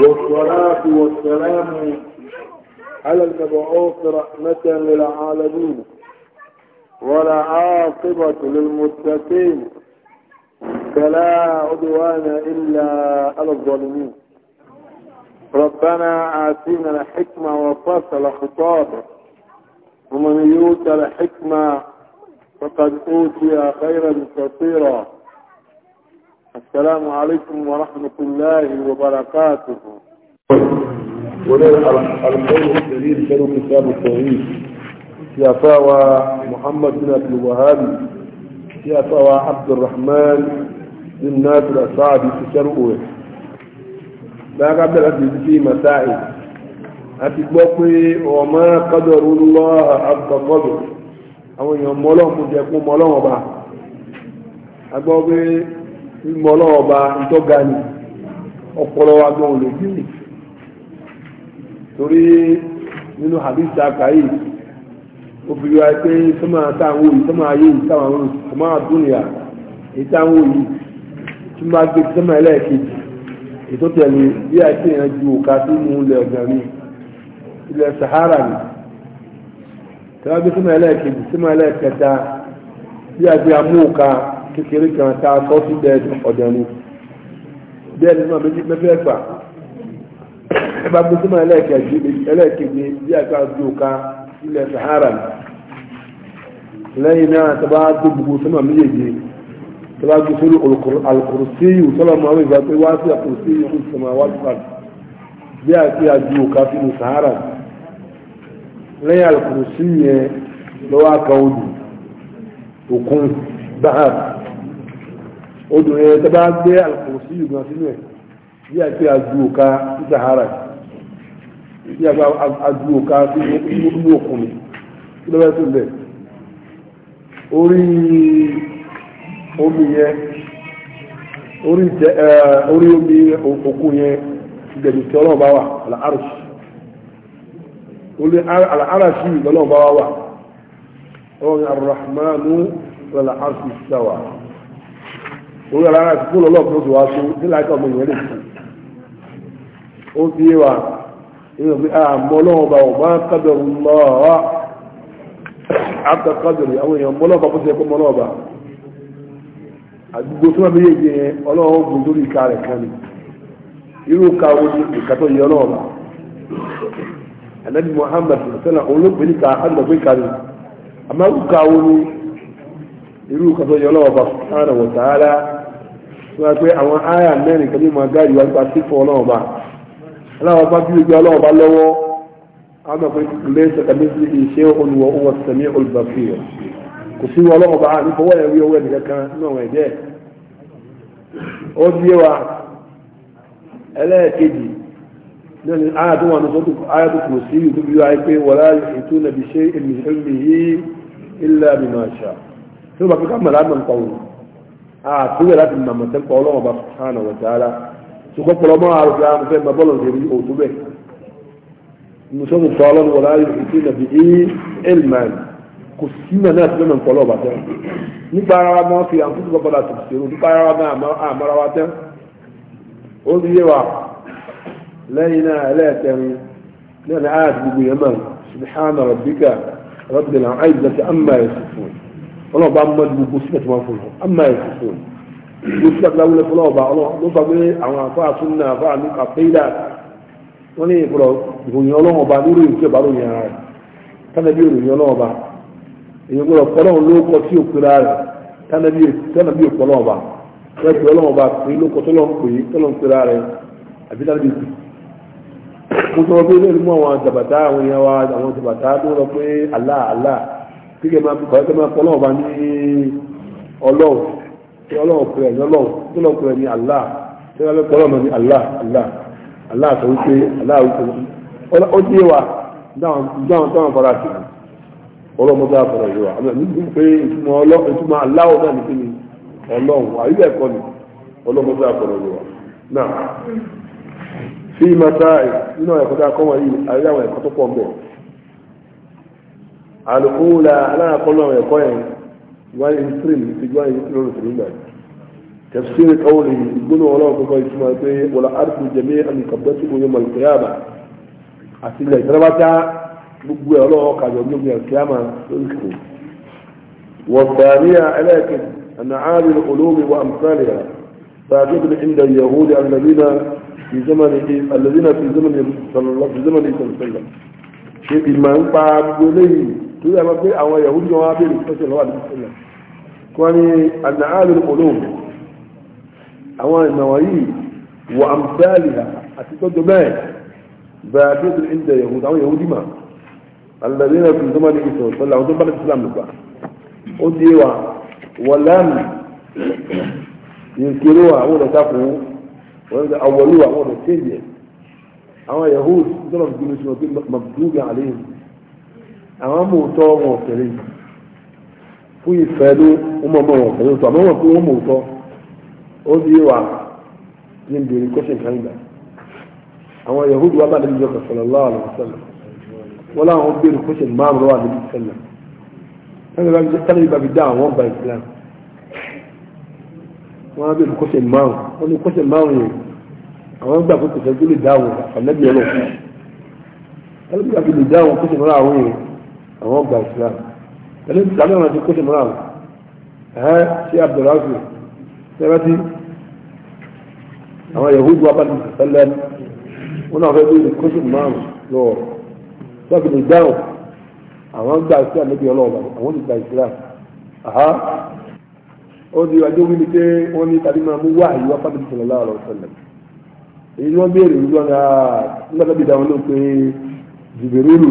والصلاة والسلام على المبعوث رحمة للعالمين ولا عاقبة للمتقين فلا عدوان إلا على الظالمين ربنا آتينا الحكمة وفصل خطابا ومن يؤت الحكمة فقد أوتي خيرا كثيرا السلام عليكم ورحمة الله وبركاته ولله القول الكريم كانوا كتاب التوحيد يا فاوى محمد بن عبد الوهاب يا فاوى عبد الرحمن بن ناصر السعدي في شرقه لا قبل أن في مسائل أتبقي وما قدر الله عبد قدر أو يوم ملوك يكون ملوك أبقى mímọ̀ ọlọ́run ọba ìtọ́ga gani ọpọlọ wa gbọ́n torí nínú hadith akayi obìnrin wa pé sọ́mà táwọn òyìn sọ́mà ayé yìí táwọn òyìn sọ́mà òyìn tí máa gbé sọ́mà ẹlẹ́ẹ̀kejì ètò tẹ̀lé bí àìsí yẹn ju sí mú ilẹ̀ Sahara ni tẹ́wọ́n gbé sọ́mà ẹlẹ́ẹ̀kejì sọ́mà ẹlẹ́ẹ̀kẹta bí kékeré kan tá a sọ sí bẹ́ẹ̀dì ọ̀dẹ̀nu bẹ́ẹ̀dì náà méjì mẹ́fẹ́ gbà ẹ bá gbé símọ́ ẹlẹ́ẹ̀kejì ẹlẹ́ẹ̀keje bí àgbà ju ká ilẹ̀ Sahara lẹ́yìn náà tó bá gbé gbogbo símọ́ méjèèjì tó bá gbé sórí alukùrùsí yìí sọ́lá mọ́ àwọn ìgbà pé wá sí alukùrùsí yìí kò sọ̀mọ́ wájú pàdé bí àti àjù ká sínú Sahara lẹ́yìn alukùrùsí yẹn lọ́wọ́ àkàwọ́dù òkun dáhàbù. odò yẹn tó bá gbé àlùkòsí ìgbà sínú ẹ̀ bí ti adu òka sí sahara bí àti adu òka sí òkun mi kí ló bá tó bẹ̀ orí omi yẹn orí omi òkun yẹn ìgbẹ̀mí tí ọlọ́ọ̀bá wà àlàárùsì olè alárasì wà ọ̀rọ̀ sáwà. orí ara rẹ̀ kúrò lọ́pọ̀ oṣù wa tó nílá ẹ̀ka ọmọ ìwé lè fún ó wa àmọ́ àwọn èèyàn mọ́ fún ìka rẹ̀ kan ni ka wo ni ìka tó yẹ anabi olóògbé kan ni àmọ́ irú ka wo ni irú ka tó yẹ wọ̀ wọ́n pẹ́ àwọn áyà mẹ́rin kan ní ma gáàdì wá nípa sífọ́ ọlọ́run bá aláwọ̀ bá bí ojú ọlọ́run bá lọ́wọ́ àwọn ọmọ ìpínlẹ̀ sọ̀tàmí sí iṣẹ́ olùwọ̀ owó sẹ̀mí olùbàfẹ́ kò sí wọn ọlọ́run bá nífọwọ́ ẹ̀rí owó ẹ̀dì kankan náà wẹ̀ bẹ́ẹ̀ ó di wa ẹlẹ́ẹ̀kejì náà ni áyà tó wà ní sọ́tù áyà tó kò sí ìlú bí wáyé pé wọ́lá ètò nàbí ṣe èmi ìlú yìí ilẹ̀ àbìmọ̀ àṣà tó bá fi ká mọ̀lá mọ̀ nǹkan wọn àtúnyẹ̀ láti mọ àmọ̀tẹ́ ń pa ọlọ́wọ́n bá sùhánà wọ̀tá ara ṣùgbọ́n pọ̀lọ́mọ́ àrùkà mo fẹ́ máa bọ́ọ̀lù ṣèlú òtún bẹ́ẹ̀ musomu fa ọlọ́run wọlé ayé ìpín nàbí elman kò sí mọ̀ náà sílẹ̀ nǹkan ọlọ́ọ̀bà tẹ́ nípa ara wa máa fi àǹkútù bọ́ọ̀lù àtòkùsẹ̀rù nípa ara wa máa àmọ́ra wa tẹ́ ó rí yé wa lẹ́yìn náà ẹlẹ́ẹ̀tẹ̀rin náà ni ayé àti gbogbo yẹn mọ̀ subhana rabbika rabbil izzati amma yasifun ọlọ́ọ̀bá mọ́dù gbogbo a tí wọ́n fún un gbogbo sílẹ̀ tí wọ́n fún ọlọ́ọ̀bá ló fà pé àwọn afá súnà afá ní àpéyìdá wọ́n ní ìfọ̀rọ̀ ìròyìn ọlọ́ọ̀bá lórí ìfẹ́ bá ròyìn ara rẹ̀ tánàbí ìròyìn ọlọ́ọ̀bá èyí gbọ́dọ̀ kọ́lọ́hún ló kọ́ sí òpinra rẹ̀ tánàbí ìpọ́lọ́ọ̀bá rẹ̀pẹ̀ ọlọ́ọ̀bá pé ló kíkẹ́ máa kọ́ ẹ́ kẹ́ máa kọ́ ọlọ́ọ̀bá ní ọlọ́ọ̀ tí ọlọ́ọ̀ pẹ̀lẹ́ ní ọlọ́ọ̀ tí ọlọ́ọ̀ pẹ̀lẹ́ ní Allah tí ọlọ́ọ̀ pẹ̀lẹ́ ọmọ ní Allah Allah Allah sọ wípé Allah wípé ó dé wa dáhùn táwọn fara sí ọlọ́mọ tó àfọ̀rọ̀ yìí wa nígbà pé ìtumọ̀ ìtumọ̀ Allah náà nìkan ni ọlọ́run àyíbẹ̀ kọ́ ni ọlọ́mọ tó àfọ̀rọ̀ yìí wa náà fi mata nínú ẹ̀kọ́ tá a kọ́ wọ̀nyí àyíbẹ̀ àwọn ẹ̀kọ́ tó pọ̀ ń bẹ̀ الأولى لا أقول لهم يقين وين يسرين يسرين وين يسرين يسرين تفسير قوله يقولوا الله كفا يسماته ولا أرض جميع أن يقبضته يوم القيامة أسير الله يسرين باتا بقوة الله قد يوم القيامة والثانية لكن أن عالي القلوب وأمثالها فأجد عند اليهود الذين في زمن الذين في زمن صلى الله عليه وسلم في زمن صلى الله عليه وسلم شيء ما أنفع بقوله torí àwọn pé àwọn ìyàwó ní wọn abẹ́rẹ́ ìfẹsẹ̀ lọ́wọ́ àdúgbò sílẹ̀ kí wọ́n ní àná àlè olóhùn àwọn ìmọ̀wọ̀ yìí wọ àmúfẹ́àlìhà àti tọ́jú bẹ́ẹ̀ bẹ́ẹ̀ tó ti ń jẹ ìyàwó àwọn ìyàwó dì mà alẹ́ náà fi dọ́mọ́ ní ìsọ̀ sọ́lá àwọn tó bá ní sílám nípa ó di wa wọ̀lám yìnkiri wa àwọn ọ̀dọ̀ sáfù wọ́n ti awọ́lú wa àwọn ọ̀dọ̀ tẹ́lẹ̀ àwọn ìyàwó tó lọ́ àwọn mòótọ́ wọn kéré fún ìfẹ́ ló ń mọ̀ mọ̀ wọn kéré tó àmọ́ wọn pé wọ́n mòótọ́ ó di wà ní ìbéèrè kọ́sìn kan gbà àwọn yahudu wa bá níbi ìjọba sallallahu alaihi wasallam wọn làwọn béèrè kọ́sìn márùn-ún wà níbi ìṣẹ̀lẹ̀ tẹ́lẹ̀ bá fi dá àwọn bá ìsìlámù wọ́n á bèèrè kọ́sẹ̀ márùn wọ́n ní kọ́sẹ̀ márùn yẹn àwọn gbà pé kọ́sẹ̀ tó lè dáwọ̀ àfàlẹ́bí ọlọ́pàá ẹlẹ́bí àti lè dáwọ̀ kọ́sẹ̀ márùn àwọn yẹn àwọn ọgbà islam pẹ̀lú ìsìlámù àwọn àti kóṣe mọ́ra wọn ẹ̀ ṣe abdulrafi sẹ́rẹ́tì àwọn yahudu abali sẹ́lẹ̀m wọn náà fẹ́ bí kóṣe mọ́ra wọn lọ sọ́ọ̀kì lè dáhùn àwọn gba islam níbi ọlọ́ọ̀bà àwọn ìgbà islam aha ó di ọjọ́ wí ni pé wọ́n ní tàbí máa mú wáyé wá fábílì sọ̀rọ̀ láàrọ̀ sọ̀lẹ̀ èyí wọ́n béèrè wíwọ́n náà ah, nígbà tó bí dáhùn ló pé jìbìrì lù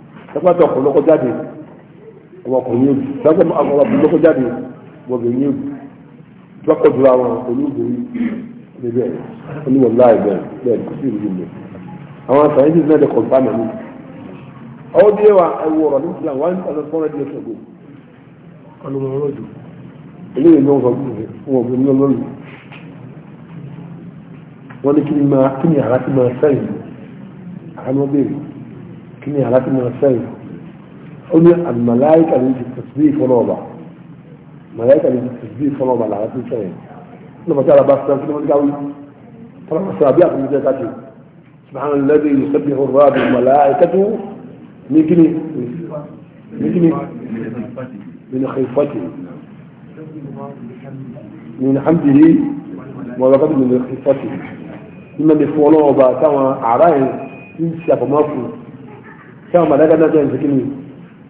sọ́kọ́tọ̀ ọkùnrin lọ́kọ́ jáde ọmọkùnrin yóò sọ́kọ́ ọmọkùnrin lọ́kọ́ jáde ọmọbìnrin yóò lọ́kọ́ ju àwọn olóògbérí níbẹ̀ oníwọ̀n láì bẹ̀rẹ̀ bẹ́ẹ̀ kò sí ìlú mi àwọn sàyẹ́ntì náà lè kọ̀ǹpá mi ní. ọwọ́ bí wa ẹwọ ọ̀rọ̀ ní islam one thousand four hundred years ago. ọlọmọlọ́dún. eléyìí ni wọ́n sọ fún mi ní ọlọ́run. wọ́n ní kí ni máa kí ni àrà ti máa sẹ́yìn àrà máa béèrè. كني هلاك من السيف قلنا الملائكة اللي في التسبيح ونوضع ملائكة اللي في التسبيح ونوضع على هلاك من السيف لما قال باس نفسه لما قال ترى السابيع في المزيدات سبحان الذي يسبح الراب الملائكة من كني من كني من خيفته من حمده ولقد من خيفته لما يفعلون وباتوا أعرائهم إن سيكون مفروض sáwọn màláìka na sọ̀rọ̀ ìsèkí ni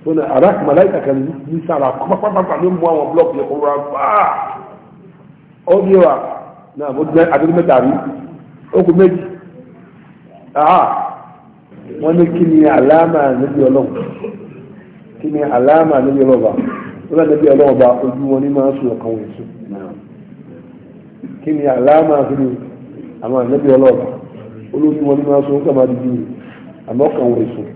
wọn ni ara kan ní sára pápápápá ní mú àwọn blọọkì yẹn kúrò àpá ó ní wa náà mo dúró àdúgbò mẹ́ta rí okùn méjì wọ́n ní kí ni àlámà níbi ọlọ́run kí ni àlámà níbi ọlọ́ba wọ́n níbi ọlọ́ba ojú wọn ní ya sùn ọ̀kan wọ̀ alama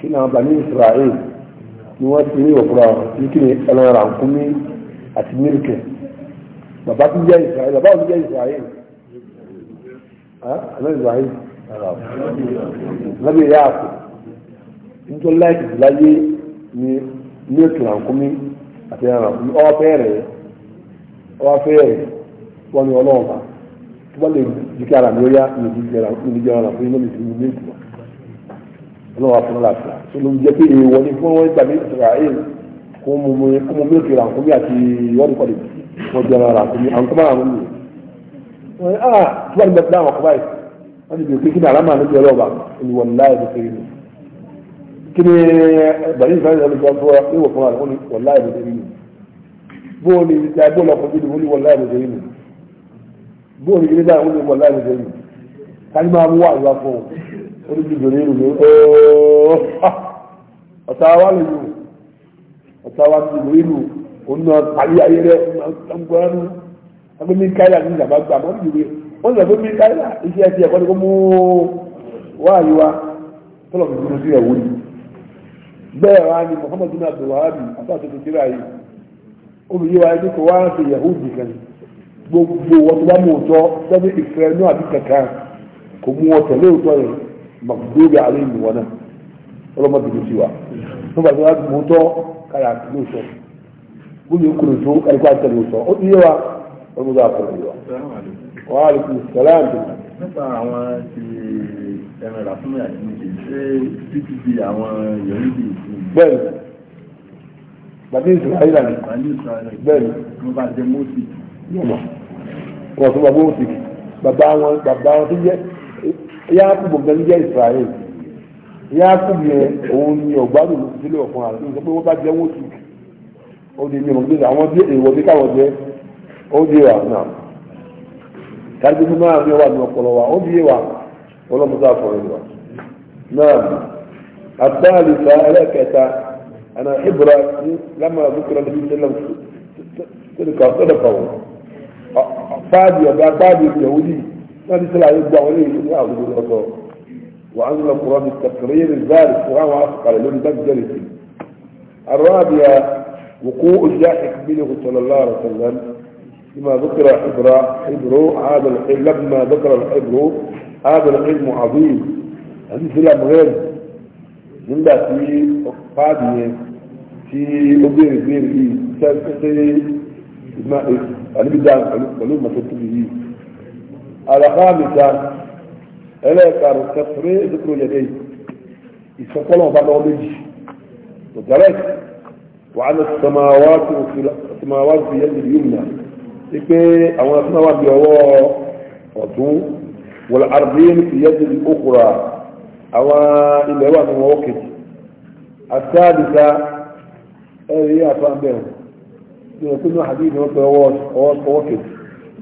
kí ni àwọn bani israel ni wọ́n ti ní òkúra ní kí ni ẹlọ́ra nkúmi àti mílíkì bàbá tó jẹ́ israel bàbá tó jẹ́ israel ẹ̀rọ israel lábẹ́ ìyá àpò nítorí láìpẹ́ láyé ni mílíkì nkúmi àti ẹ̀rọ nkúmi ọwọ́ fẹ́ẹ̀rẹ̀ ọwọ́ fẹ́ẹ̀rẹ̀ wọ́n ní ọlọ́ọ̀bà tó bá lè jíkẹ́ ara mi ó yá ní ìdíjẹ́ ara fún yín lómi ìdíjẹ́ mílíkì wọn ọlọ́wọ́ afúnláfíà tó ló ń jẹ́ pé èèwọ̀ ni fún wọn ìgbàgbé Israel kó mu mi kó mu mílíkì rànkúmí àti wọ́n kọ́ni wọ́n jẹ́ rànkúmí ànkúmá rànkúmí wọ́n yẹ ah tí wọ́n bẹ dáhùn ọkọ̀ báyìí wọ́n ti bèèrè kí ni àlámà ló jẹ́ ọlọ́ọ̀bà ìwọ̀n láì ló fẹ́ mi kí ni eh, bàbá Israel ló jẹ́ fún ìwọ̀ fún wa ní wọ́n láì ló fẹ́ mi bóòlù ìta bóòlù ọkọ̀ bíi wọ́n wọ́n láì ló fẹ́ mi bóòlù ìgbésà wọ́n ní wọ́n láì ló fẹ́ mi ká orí ti jòlè rò lórí ooo ah, ọ̀tá wa lè lò ọ̀tá wa ti jòlè rò òun náà parí ayé rẹ̀ ọgbọ́n ẹgbẹ́ mi káyà ní ìjàmbá gbà mọ́ jòlè wọ́n sọ pé mi káyà iṣẹ́ ẹ̀sìn ẹ̀kọ́ ni kò mú wá àyíwá tọ́lọ̀ mi dúró sí ẹ̀wọ́ ni bẹ́ẹ̀ wá ni Muhammadu náà tó wàá bì àtàtò tó kíra yìí olùyẹwà ẹni kò wá ṣe Yahudi kan gbogbo wọn tó bá mú ọjọ́ sẹ́ni ìfẹ́ náà àbí kankan kò mú ọtọ̀ lóòótọ́ yẹn magdubi alayhi wa na ọlọmọ bìbí sí wa wọn bá sọ wá mú tọ káyà kìló sọ gbogbo ìkúrò tó kàlíkọ àtẹlẹ sọ ó ti yé wa wọn bó bá kọlọ yìí wa wa alaykum salaam tó. nípa àwọn ti ẹran ìlàfúnmi àti nìkè ṣé títí di àwọn yẹn ń bàbá israẹli àná wọn sọ bàbá mọsí bàbá wọn bàbá wọn tó jẹ. Yakubu gan jẹ́ Israel Yakubu yẹn òun ni ọ̀gbádùn ló ti lè ara ló sọ wọ́n bá jẹ́ wọ́n tù ó di mímọ́ àwọn bí èèwọ̀ bí káwọn jẹ́ náà kájú fún ọpọlọ wa ọlọ́mọdé náà àtàlù ẹlẹ́kẹta ní lámà níbi kọ́ kọ́ هذه سلعة يبدع وليه يقول يا أبو الأطار وأنزل القرآن التقرير البارد القرآن وأثقل لون ده جلسي الرابعة وقوع اللاحق منه صلى الله عليه وسلم لما ذكر حبر حبر هذا الحلم لما ذكر الحبر هذا العلم عظيم هذه حديث الأمغير من في قادية في أبير بير إيه كان كتير ما أنا بدأ أقول ما تنتبه àlàkàmìta ẹlẹ́ẹ̀karùn kẹfìrí ìdúkúrò yẹ̀dẹ́ ìsọkọ́lọ̀ ọba lọ́wọ́ méjì ọ̀gárẹ́ wàhálà sọmawaati yẹn lè yùn náà wípé àwọn asọ́nàwà bí ọwọ́ ọ̀tún wọ̀lá àrùbíyẹn fi yẹn lè ókùrà àwọn ilẹ̀ wà ní ọwọ́ kejì àtàdìta ẹ̀rí àfáàbẹ̀rẹ̀ ní ọ̀tún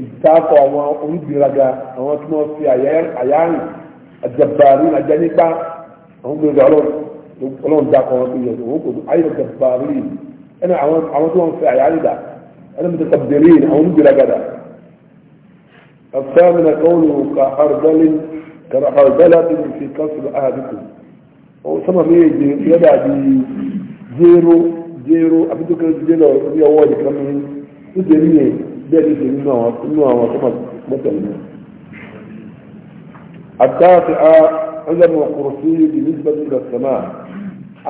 ìtaakọ̀ àwọn onígbèraga àwọn tí wọ́n fi àyáàrìn àjàbàrí àjà àwọn gbèraga ọlọ́run òun kò ayé ẹnna àwọn tí wọ́n fi dà ẹnna mi tẹ̀sán àwọn dà. bẹ́ẹ̀ ní nínú àwọn nínú àwọn tó mọ̀tẹ̀lẹ̀ náà. àtàkì a ọlọ́mọ kùrùsí ìnísìbà tó lọ sàmà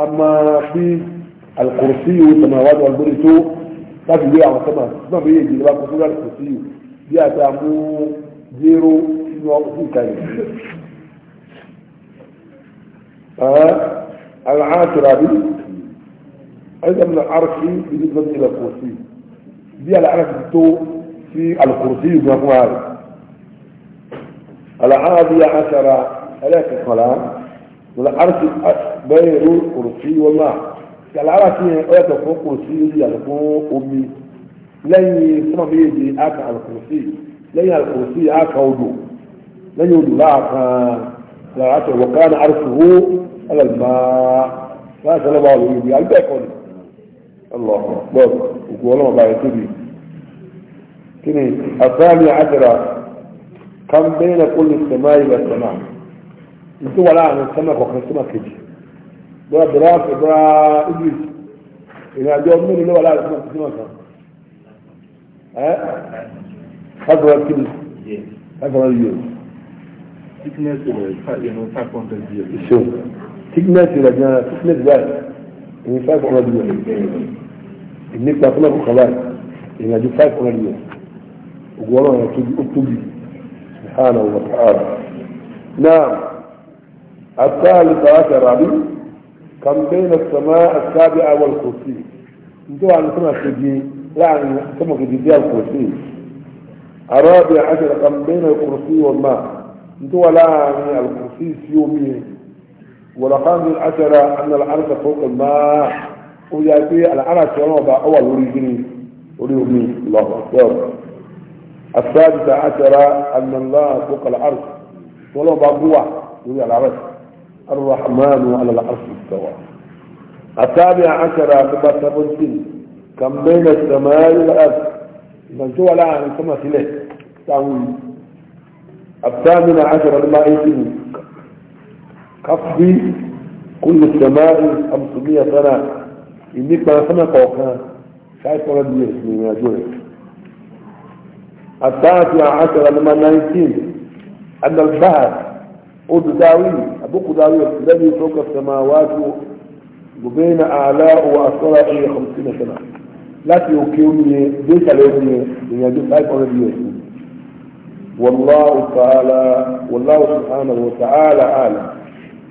a máa fi alkùrùsí yìí sàmà wà lọ gbórí tó láti wé àwọn sàmà sàmà bí èyí ìjọba kó tó lọ kùrùsí yìí bí a ta mú zero nínú ọkùnrin kan yìí. العاشرة به أيضا من العرش بالنسبة إلى الكرسي دي على عرف تو في الكرسي مفوار العادي عشرة ثلاثة كلام والعرف بير الكرسي والله قال على كي أيات الكرسي دي على كون أمي لي ثم بيجي أك على الكرسي لي الكرسي أك أودو لي أودو لا أك على عشرة وكان عرفه على الماء فاسلوا على الله الله بس وقولوا ما بعثوا كني الثانية عشرة كم بين كل السماء والسماء انتو ولا عن السماء وكان السماء كجي برا دراس برا إبليس إلى اليوم مني لو ولا عن السماء السماء كان ها خضر الكل خضر اليوم thickness إلى 500 years شوف thickness إلى thickness ذات إلى 500 years النبتة كلها خلاص إلى 500 years وقالوا يا تبي سبحانه وتعالى نعم الثالث عشر كم بين السماء السابعة والكرسي انتوا عن سماء كدي لا عن يعني سماء كدي الكرسي الرابع عشر كم بين الكرسي والماء انتوا لا عن يعني الكرسي سيومي والخامس عشر أن العرش فوق الماء ويأتي العرش يوم أول وريجني وريجني الله أكبر السادسة عشرة أن الله فوق العرش ولو بقوة يقول على العرش الرحمن على العرش استوى السابعة عشرة كما تبنتين كم بين السماء والأرض من جوا لا يسمى تليه تعوي الثامنة عشرة لما يتم كفي كل السماء 500 سنة إنك ما سمع قوقها شايف ولا يسمي ما جوعك التاسع عشر لما نايتين أن البحر قد داوي أبوك داوي الذي فوق السماوات وبين أعلاء وأسرى إلى خمسين سنة لا تيوكيوني ديس الوزن من يجب سايق على والله تعالى والله سبحانه وتعالى أعلم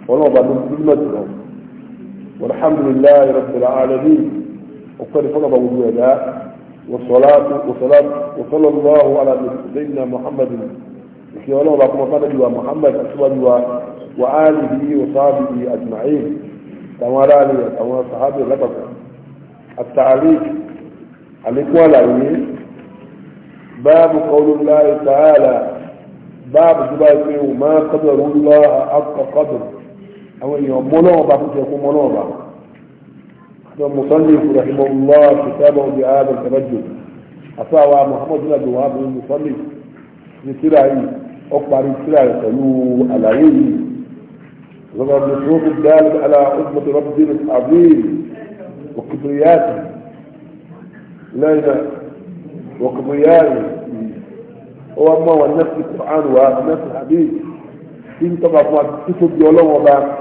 والله بعد كل مدرهم والحمد لله رب العالمين وقال فرض وجوه والصلاة والصلاة وصلى الله على سيدنا محمد ìṣe ọlọ́run akọ́mọ sábẹ́bíwa muhammed aṣíwájúwa wa alihi wa sábìbì ajma'in tàwọn aráàlú àtàwọn sàhábì lápapọ̀ àtàrík àlékún àlàyé báàbù kọlu láì tààlà báàbù tó báyìí pé o máa kọ́dọ̀ rú lọ́ àkọ́kọ́dọ̀ àwọn èèyàn mọ́ náà bá fún ṣe kún mọ́ náà bá فالمصنف رحمه الله كتابه بهذا التبجد أفاوى محمد بن عبد الوهاب المصنف لسرعي أكبر سرعي تلو على يدي وقد نشوف الدال على عظمة ربنا العظيم وكبرياته ليلى وكبرياته هو أما هو نفس القرآن ونفس الحديث في طبعا كتب يولوه بقى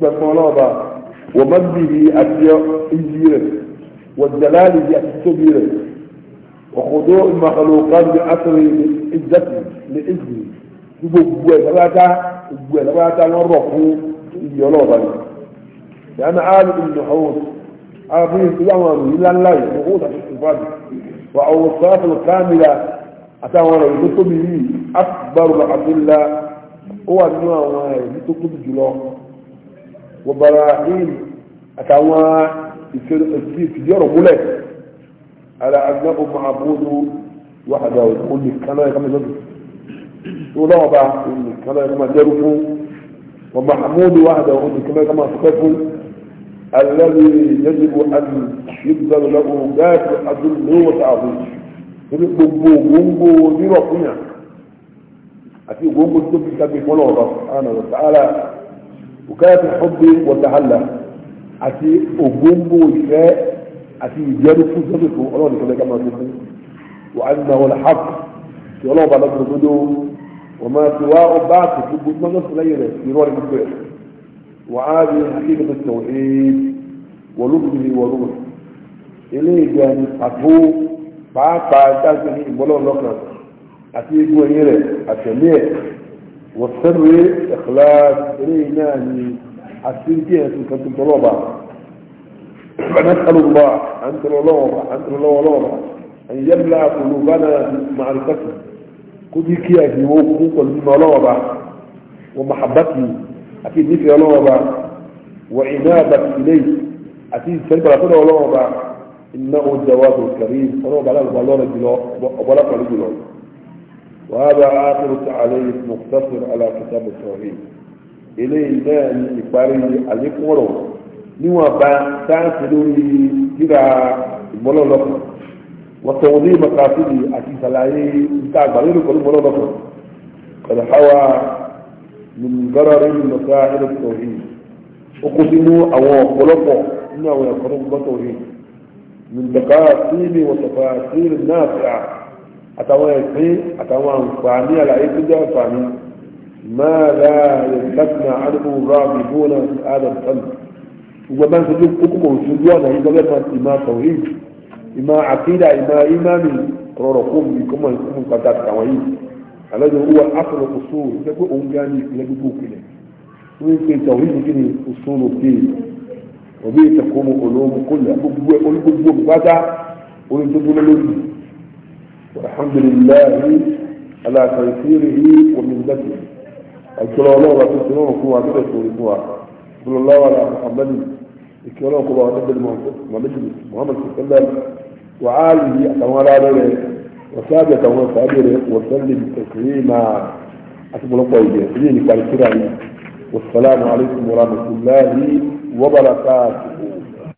كتب يولوه بقى ومجده أبيع إجيرا والجلال يأتبيرا وخضوع المخلوقات بأثر إجته لإجته gbogbo ẹ̀ lọ́wọ́ta gbogbo ẹ̀ lọ́wọ́ta wọ́n rọ̀ fún ìyọ́lọ́ ọ̀bá yìí yàrá àlù ìlú ọ̀hún arábìnrin tó yàwọn àrùn yìí ńláńlá yìí owó tàbí ìfàdù wà ọ̀hún sọ́ọ́fù وبراهين أتوا يفجروا ملك على أنه معبود وحده يقول لك كما كما يدرس ولعبة يقول لك كما كما يدرس ومحمود وحده يقول لك كما كما تكفل الذي يجب أن يبذل له ذات الأذن وتعظيم gbogbo gbogbo nírọ̀kúnyà àti gbogbo tó fi sábẹ́ fọlọ́ọ̀rọ̀ àwọn ọ̀rọ̀ sáárà bùkátà tó fọ́bí wọ̀tàhálà àti ògbóngbò ìfẹ́ àti ìjẹ́rú fún sọ́dọ̀ fún ọlọ́run nìkan lẹ́ka máa tuntun wà á nà wọn hàp tí ọlọ́run bá lọ́kùnrin tó dó wọ́n máa fi wá ọba àti gbogbo gbọ́dọ̀ sí lẹ́yìn rẹ̀ sí rọ́ọ̀lì gbogbo ẹ̀ wà á rí akéde tó tẹ̀ wọ́n lóbìnrin wọ́n lóbìnrin eléyìí gan àbó pàápàá dájú ní ìmọ́lọ́ lọ́kàn àti egun ẹ̀yìn rẹ̀ àtẹ̀lé ẹ̀ والسر إخلاص الإيمان حسين كيها كنت الطلبة فنسأل الله أنت الله أنت الله الله أن يبلع قلوبنا بمعرفته قد كيها في وقوق الملابة ومحبته أكيد نفي الله وعنابة إليه أكيد سنت رسول الله إنه الجواب الكريم الله بلا بلا بلا بلا وهذا آخر تعليق مقتصر على كتاب التوحيد إليه دان إقبالي عليك ورو نوى با تاسلوني كرا الملولوك وتوضي مقاصدي أكي سلاي بتاع بغير كل ملولوك قد حوى من ضرر مسائل التوحيد أقسموا أو أقلقوا إنه يقرب التوحيد من تقاسيم وتفاصيل نافعة àtàwọn ẹ̀sìn àtàwọn àǹfààní àlàyé tó jẹ́ àǹfààní máa ra ìtàkùnà àdúgbò rà bìbó náà sí àdàtàn gbogbo bá ń sojú kókó kò sojú ọ̀nà yìí lọ́gbẹ́ máa ti máa tọ̀hí ìmọ̀ àkídà ìmọ̀ ìmáàmì rọrọ̀ kó mi kó mọ̀ nǹkan pàtàkì àwọn yìí alọ́jọ́ wúwa afọ̀rọ̀ kò sóòrò jẹ́ pé òun gá ní ìpínlẹ̀ gbogbo òkèlè wọ́n ń pe tọ̀hí ní kíni kò sóòrò pé òbí ìtẹ̀kọ́ mu olóhùn kó lè gbogbo olùgbogbo gbádá orin والحمد لله على تيسيره ومنته أكل الله وتسلمه كوا كده سوركوا صلى الله على محمد أكل الله كوا نبي محمد محمد صلى الله عليه وسلم وعاله أتمنى عليه وسادة وسادة وسلم تسليما أتمنى الله يجزيني كالكرامي والسلام عليكم ورحمة الله وبركاته